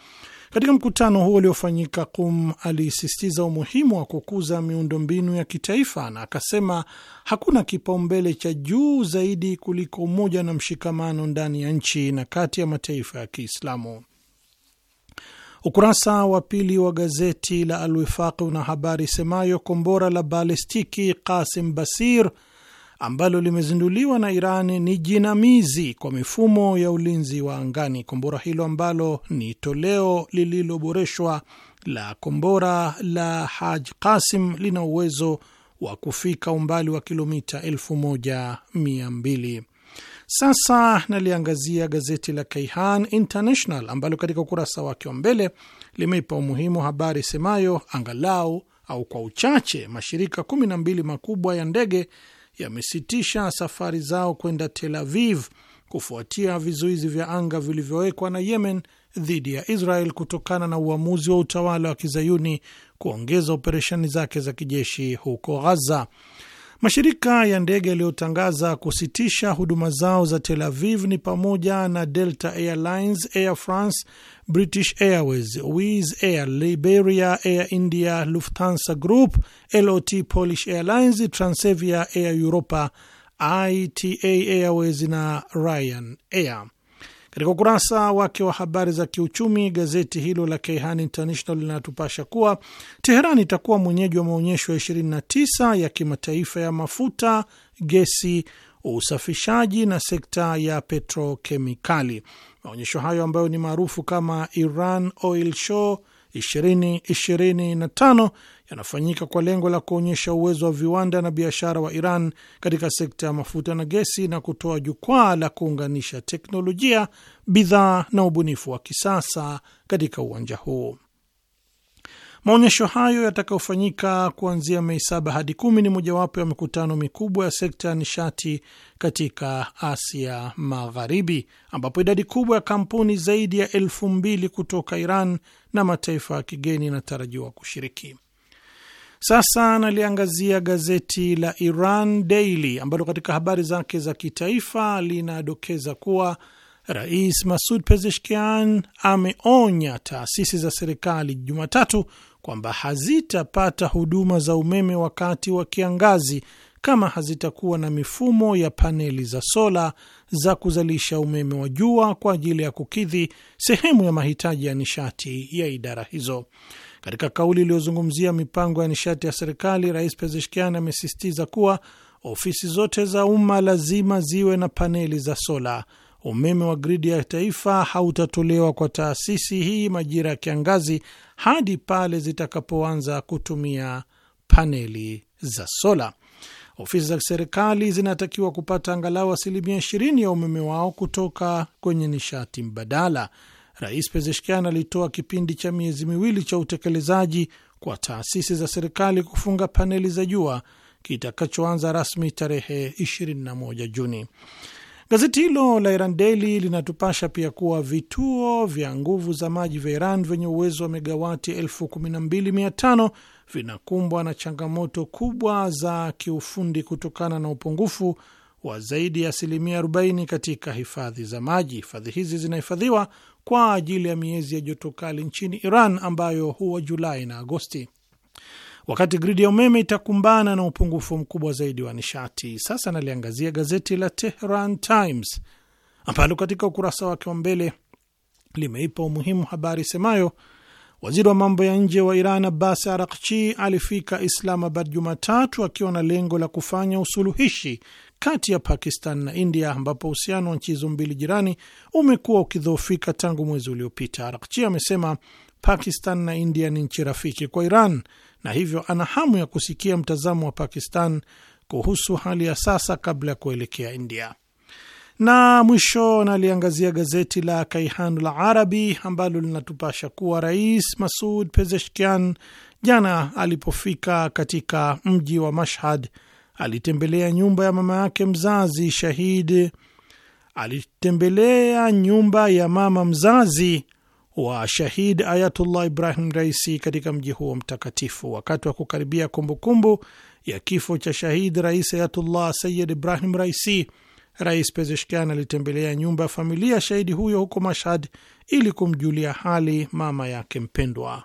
Katika mkutano huo uliofanyika Qum, alisisitiza umuhimu wa kukuza miundombinu ya kitaifa na akasema hakuna kipaumbele cha juu zaidi kuliko umoja na mshikamano ndani ya nchi na kati ya mataifa ya Kiislamu. Ukurasa wa pili wa gazeti la Alwifaqi una habari semayo kombora la balistiki Qasim Basir ambalo limezinduliwa na Iran ni jinamizi kwa mifumo ya ulinzi wa angani. Kombora hilo ambalo ni toleo lililoboreshwa la kombora la Haj Qasim lina uwezo wa kufika umbali wa kilomita 120 Sasa naliangazia gazeti la Kayhan International ambalo katika ukurasa wake wa mbele limeipa umuhimu habari semayo angalau au kwa uchache mashirika mbili makubwa ya ndege yamesitisha safari zao kwenda Tel Aviv kufuatia vizuizi vya anga vilivyowekwa na Yemen dhidi ya Israel kutokana na uamuzi wa utawala wa kizayuni kuongeza operesheni zake za kijeshi huko Ghaza. Mashirika ya ndege yaliyotangaza kusitisha huduma zao za Tel Aviv ni pamoja na Delta Airlines, Air France British Airways, Wizz Air, Liberia, Air India, Lufthansa Group, LOT Polish Airlines, Transavia, Air Europa, ITA Airways na Ryan Air. Katika ukurasa wake wa habari za kiuchumi, gazeti hilo la Kayhan International linatupasha kuwa Teheran itakuwa mwenyeji wa maonyesho ya 29 ya kimataifa ya mafuta, gesi, usafishaji na sekta ya petrokemikali. Maonyesho hayo ambayo ni maarufu kama Iran Oil Show 2025 yanafanyika kwa lengo la kuonyesha uwezo wa viwanda na biashara wa Iran katika sekta ya mafuta na gesi na kutoa jukwaa la kuunganisha teknolojia, bidhaa na ubunifu wa kisasa katika uwanja huu. Maonyesho hayo yatakayofanyika kuanzia Mei saba hadi kumi ni mojawapo ya mikutano mikubwa ya sekta ya nishati katika Asia Magharibi, ambapo idadi kubwa ya kampuni zaidi ya elfu mbili kutoka Iran na mataifa ya kigeni inatarajiwa kushiriki. Sasa naliangazia gazeti la Iran Daily ambalo katika habari zake za kitaifa linadokeza kuwa Rais Masud Pezeshkian ameonya taasisi za serikali Jumatatu kwamba hazitapata huduma za umeme wakati wa kiangazi kama hazitakuwa na mifumo ya paneli za sola za kuzalisha umeme wa jua kwa ajili ya kukidhi sehemu ya mahitaji ya nishati ya idara hizo. Katika kauli iliyozungumzia mipango ya nishati ya serikali, Rais Pezeshkian amesisitiza kuwa ofisi zote za umma lazima ziwe na paneli za sola. Umeme wa gridi ya taifa hautatolewa kwa taasisi hii majira ya kiangazi hadi pale zitakapoanza kutumia paneli za sola. Ofisi za serikali zinatakiwa kupata angalau asilimia 20 ya umeme wao kutoka kwenye nishati mbadala. Rais Pezeshkian alitoa kipindi cha miezi miwili cha utekelezaji kwa taasisi za serikali kufunga paneli za jua kitakachoanza rasmi tarehe 21 Juni. Gazeti hilo la Iran Daily linatupasha pia kuwa vituo vya nguvu za maji vya Iran vyenye uwezo wa megawati 12500 vinakumbwa na changamoto kubwa za kiufundi kutokana na upungufu wa zaidi ya asilimia 40 katika hifadhi za maji. Hifadhi hizi zinahifadhiwa kwa ajili ya miezi ya joto kali nchini Iran ambayo huwa Julai na Agosti wakati gridi ya umeme itakumbana na upungufu mkubwa zaidi wa nishati. Sasa naliangazia gazeti la Tehran Times ambalo katika ukurasa wake wa mbele limeipa umuhimu habari semayo waziri wa mambo ya nje wa Iran Abbas Arakchi alifika Islamabad Jumatatu akiwa na lengo la kufanya usuluhishi kati ya Pakistan na India, ambapo uhusiano wa nchi hizo mbili jirani umekuwa ukidhoofika tangu mwezi uliopita. Arakchi amesema Pakistan na India ni nchi rafiki kwa Iran na hivyo ana hamu ya kusikia mtazamo wa Pakistan kuhusu hali ya sasa kabla ya kuelekea India. Na mwisho naliangazia gazeti la la Arabi ambalo linatupasha kuwa Rais Masud Pezeshkian jana alipofika katika mji wa Mashhad alitembelea nyumba ya mama yake mzazi shahid alitembelea nyumba ya mama mzazi wa shahid Ayatullah Ibrahim Raisi katika mji huo mtakatifu wakati wa kukaribia kumbukumbu kumbu ya kifo cha shahid Rais Ayatullah Sayid Ibrahim Raisi. Rais Pezeshkian alitembelea nyumba ya familia ya shahidi huyo huko Mashhad ili kumjulia hali mama yake mpendwa.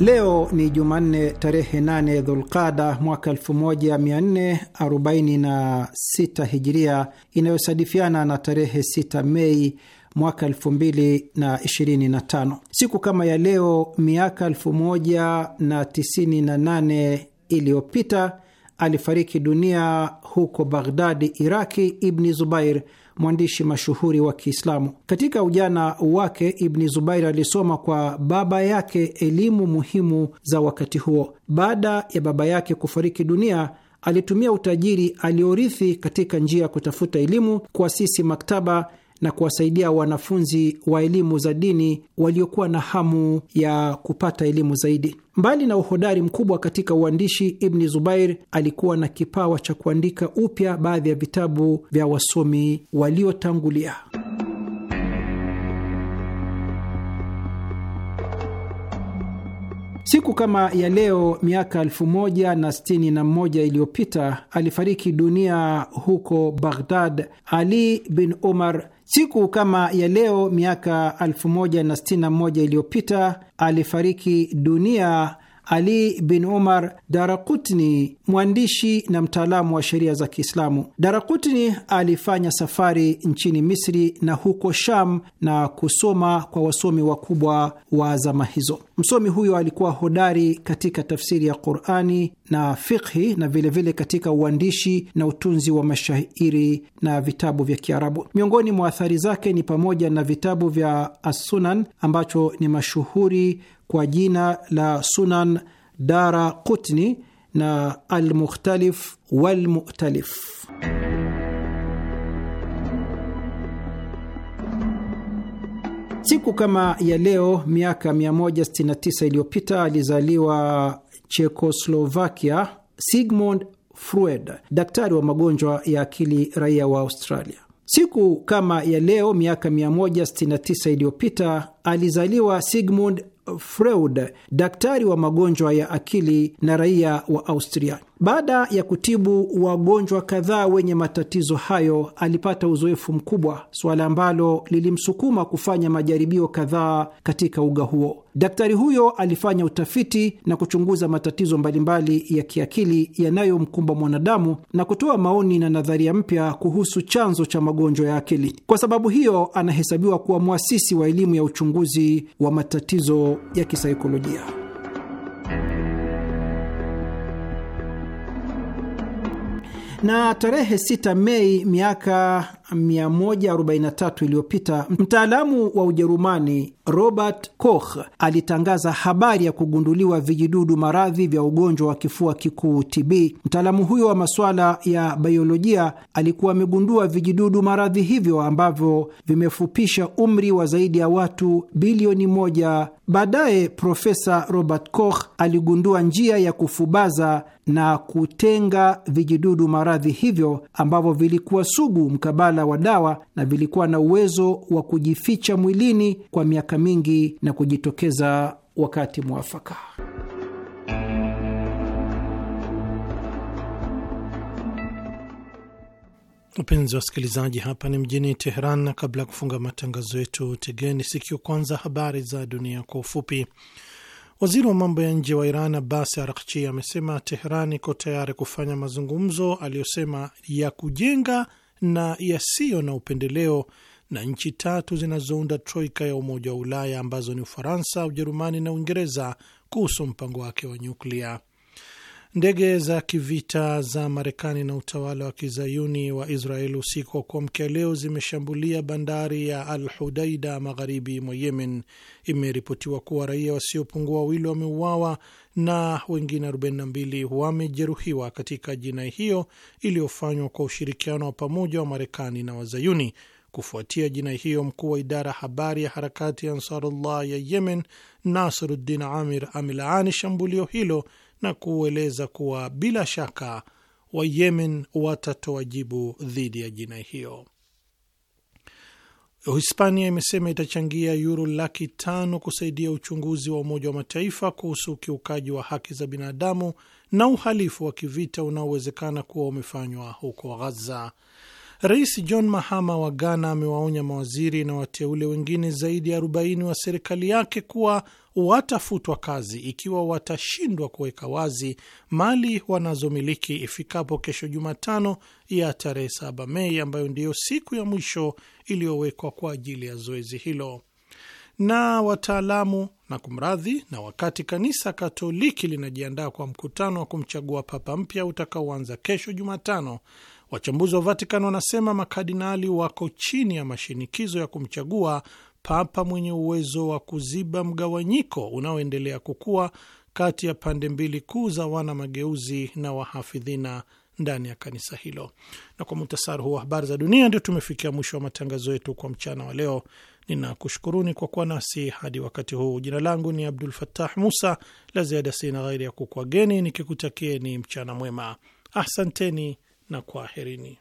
Leo ni Jumanne tarehe 8 Dhulqada mwaka 1446 Hijiria, inayosadifiana na tarehe 6 Mei mwaka 2025. Siku kama ya leo miaka 1098 iliyopita alifariki dunia huko Baghdadi, Iraki, Ibni Zubair mwandishi mashuhuri wa Kiislamu. Katika ujana wake, Ibni Zubair alisoma kwa baba yake elimu muhimu za wakati huo. Baada ya baba yake kufariki dunia alitumia utajiri aliorithi katika njia ya kutafuta elimu, kuasisi maktaba na kuwasaidia wanafunzi wa elimu za dini waliokuwa na hamu ya kupata elimu zaidi. Mbali na uhodari mkubwa katika uandishi, Ibni Zubair alikuwa na kipawa cha kuandika upya baadhi ya vitabu vya wasomi waliotangulia. Siku kama ya leo miaka elfu moja na sitini na moja iliyopita alifariki dunia huko Baghdad Ali bin Umar Siku kama ya leo miaka 1061 iliyopita alifariki dunia ali bin Umar Darakutni, mwandishi na mtaalamu wa sheria za Kiislamu. Darakutni alifanya safari nchini Misri na huko Sham na kusoma kwa wasomi wakubwa wa, wa zama hizo. Msomi huyo alikuwa hodari katika tafsiri ya Qurani na fiqhi na vilevile vile katika uandishi na utunzi wa mashairi na vitabu vya Kiarabu. Miongoni mwa athari zake ni pamoja na vitabu vya Assunan ambacho ni mashuhuri kwa jina la Sunan Dara kutni na Almukhtalif Walmukhtalif. Siku kama ya leo miaka 169 iliyopita alizaliwa Chekoslovakia, Sigmund Freud, daktari wa magonjwa ya akili, raia wa Australia. Siku kama ya leo miaka 169 iliyopita alizaliwa Sigmund Freud, daktari wa magonjwa ya akili na raia wa Austria. Baada ya kutibu wagonjwa kadhaa wenye matatizo hayo, alipata uzoefu mkubwa, suala ambalo lilimsukuma kufanya majaribio kadhaa katika uga huo. Daktari huyo alifanya utafiti na kuchunguza matatizo mbalimbali ya kiakili yanayomkumba mwanadamu na kutoa maoni na nadharia mpya kuhusu chanzo cha magonjwa ya akili. Kwa sababu hiyo, anahesabiwa kuwa mwasisi wa elimu ya uchunguzi wa matatizo ya kisaikolojia. Na tarehe 6 Mei miaka 143 iliyopita mtaalamu wa Ujerumani Robert Koch alitangaza habari ya kugunduliwa vijidudu maradhi vya ugonjwa wa kifua kikuu TB. Mtaalamu huyo wa masuala ya biolojia alikuwa amegundua vijidudu maradhi hivyo ambavyo vimefupisha umri wa zaidi ya watu bilioni moja. Baadaye Profesa Robert Koch aligundua njia ya kufubaza na kutenga vijidudu maradhi hivyo ambavyo vilikuwa sugu mkabala wa dawa na vilikuwa na uwezo wa kujificha mwilini kwa miaka miaka mingi na kujitokeza wakati mwafaka. Wapenzi wa wasikilizaji, hapa ni mjini Teheran, na kabla ya kufunga matangazo yetu, tegeni sikio kwanza habari za dunia kwa ufupi. Waziri wa mambo ya nje wa Iran Abbas arakchi amesema Teheran iko tayari kufanya mazungumzo aliyosema ya kujenga na yasiyo na upendeleo na nchi tatu zinazounda troika ya Umoja wa Ulaya ambazo ni Ufaransa, Ujerumani na Uingereza kuhusu mpango wake wa nyuklia. Ndege za kivita za Marekani na utawala wa kizayuni wa Israel usiku wa kuamkia leo zimeshambulia bandari ya Al Hudaida magharibi mwa Yemen. Imeripotiwa kuwa raia wasiopungua wawili wameuawa na wengine 42 wamejeruhiwa katika jinai hiyo iliyofanywa kwa ushirikiano wa pamoja wa Marekani na Wazayuni Kufuatia jinai hiyo, mkuu wa idara habari ya harakati ya Ansarullah ya Yemen, Nasruddin Amir, amelaani shambulio hilo na kueleza kuwa bila shaka Wayemen watatoa jibu dhidi ya jinai hiyo. Hispania imesema itachangia yuro laki tano kusaidia uchunguzi wa Umoja wa Mataifa kuhusu ukiukaji wa haki za binadamu na uhalifu wa kivita unaowezekana kuwa umefanywa huko Ghaza. Rais John Mahama wa Ghana amewaonya mawaziri na wateule wengine zaidi ya 40 wa serikali yake kuwa watafutwa kazi ikiwa watashindwa kuweka wazi mali wanazomiliki ifikapo kesho Jumatano ya tarehe 7 Mei, ambayo ndiyo siku ya mwisho iliyowekwa kwa ajili ya zoezi hilo na wataalamu na kumradhi. Na wakati kanisa Katoliki linajiandaa kwa mkutano wa kumchagua papa mpya utakaoanza kesho Jumatano, Wachambuzi wa Vatican wanasema makardinali wako chini ya mashinikizo ya kumchagua papa mwenye uwezo wa kuziba mgawanyiko unaoendelea kukua kati ya pande mbili kuu za wana mageuzi na wahafidhina ndani ya kanisa hilo. Na kwa muhtasari huu wa habari za dunia, ndio tumefikia mwisho wa matangazo yetu kwa mchana wa leo. Ninakushukuruni kwa kuwa nasi hadi wakati huu. Jina langu ni Abdul Fattah Musa. La ziada sina ghairi ya kukwageni nikikutakieni mchana mwema. Asanteni na kwaherini.